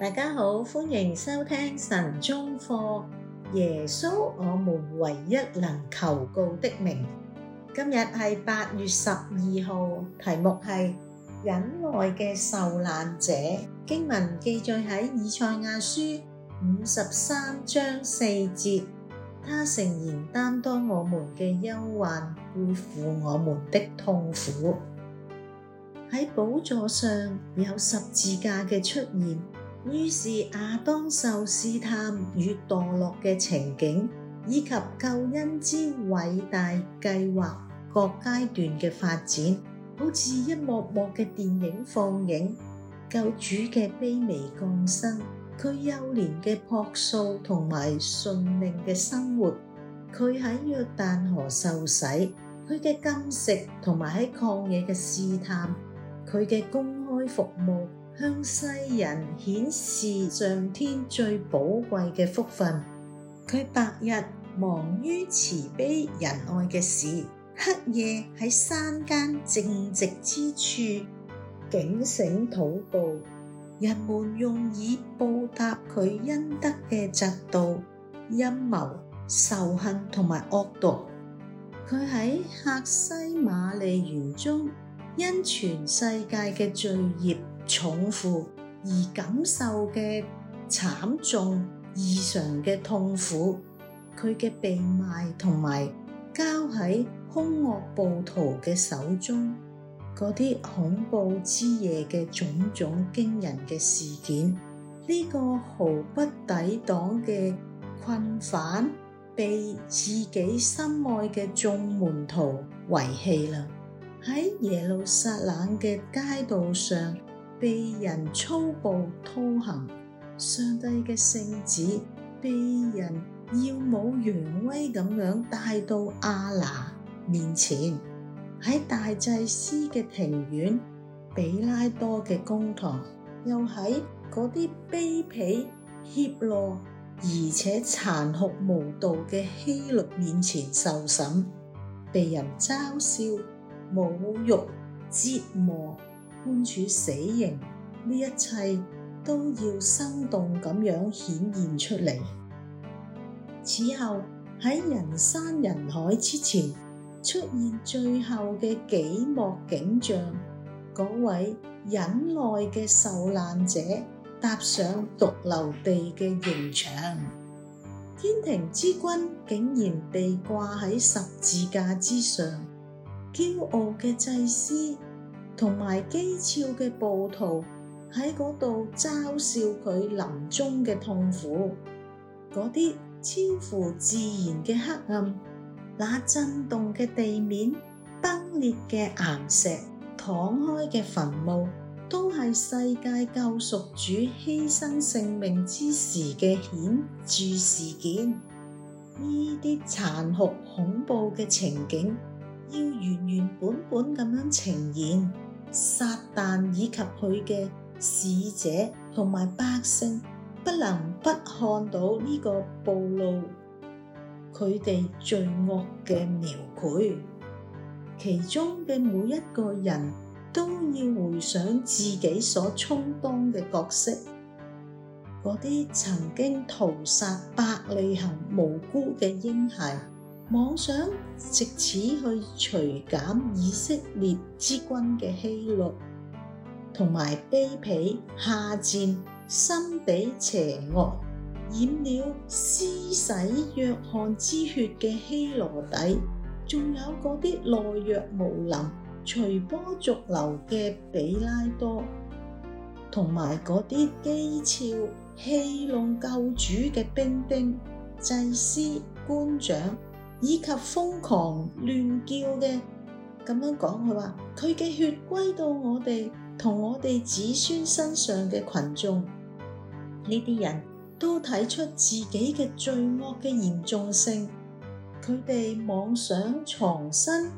大家好，歡迎收聽神中課。耶穌，我們唯一能求告的名。今日係八月十二號，題目係忍耐嘅受難者。經文記載喺以賽亞書五十三章四節，他誠然擔當我們嘅憂患，背負我們的痛苦。喺寶座上有十字架嘅出現。於是亞當受試探與墮落嘅情景，以及救恩之偉大計劃各階段嘅發展，好似一幕幕嘅電影放映。救主嘅卑微降生，佢幼年嘅樸素同埋順命嘅生活，佢喺約旦河受洗，佢嘅禁食同埋喺曠野嘅試探，佢嘅公開服務。向世人顯示上天最寶貴嘅福分。佢白日忙於慈悲仁愛嘅事，黑夜喺山間靜寂之處警醒禱告，人們用以報答佢恩德嘅嫉妒、陰謀、仇恨同埋惡毒。佢喺客西馬利園中，因全世界嘅罪孽。重負而感受嘅慘重、異常嘅痛苦，佢嘅被賣同埋交喺兇惡暴徒嘅手中，嗰啲恐怖之夜嘅種種驚人嘅事件，呢、這個毫不抵擋嘅困犯被自己心愛嘅眾門徒遺棄啦。喺耶路撒冷嘅街道上。被人粗暴拖行，上帝嘅聖子，被人耀武揚威咁樣帶到亞拿面前，喺大祭司嘅庭院，比拉多嘅公堂，又喺嗰啲卑鄙、怯懦而且殘酷無度嘅希律面前受審，被人嘲笑、侮辱、折磨。判處死刑呢，一切都要生動咁樣顯現出嚟。此後喺人山人海之前出現最後嘅幾幕景象，嗰位忍耐嘅受難者踏上髑髏地嘅刑場，天庭之君竟然被掛喺十字架之上，驕傲嘅祭司。同埋譏誚嘅暴徒喺嗰度嘲笑佢臨終嘅痛苦，嗰啲超乎自然嘅黑暗，那震動嘅地面，崩裂嘅岩石，敞開嘅墳墓，都係世界救贖主犧牲性命之時嘅顯著事件。呢啲殘酷恐怖嘅情景，要原原本本咁樣呈現。撒旦以及佢嘅使者同埋百姓，不能不看到呢個暴露佢哋罪惡嘅描繪。其中嘅每一個人都要回想自己所充當嘅角色，嗰啲曾經屠殺伯利恆無辜嘅嬰孩，妄想藉此去除減以色列之軍嘅欺辱，同埋卑鄙下賤心地邪惡，染了施洗約翰之血嘅希羅底，仲有嗰啲懦弱無能、隨波逐流嘅比拉多，同埋嗰啲譏笑戲弄救主嘅兵丁、祭司、官長。以及瘋狂亂叫嘅咁樣講，佢話佢嘅血歸到我哋同我哋子孫身上嘅群眾，呢啲人都睇出自己嘅罪惡嘅嚴重性，佢哋妄想藏身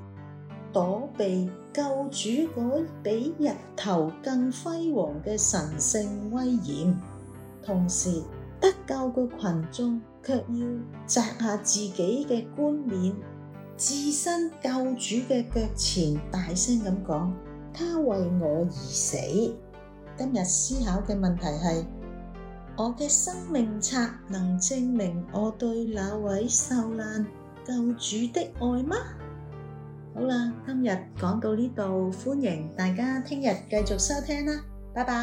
躲避救主嗰比日頭更輝煌嘅神聖威嚴，同時得救嘅群眾。卻要摘下自己嘅冠冕，置身救主嘅腳前，大聲咁講：他為我而死。今日思考嘅問題係：我嘅生命冊能證明我對那位受難救主的愛嗎？好啦，今日講到呢度，歡迎大家聽日繼續收聽啦，拜拜。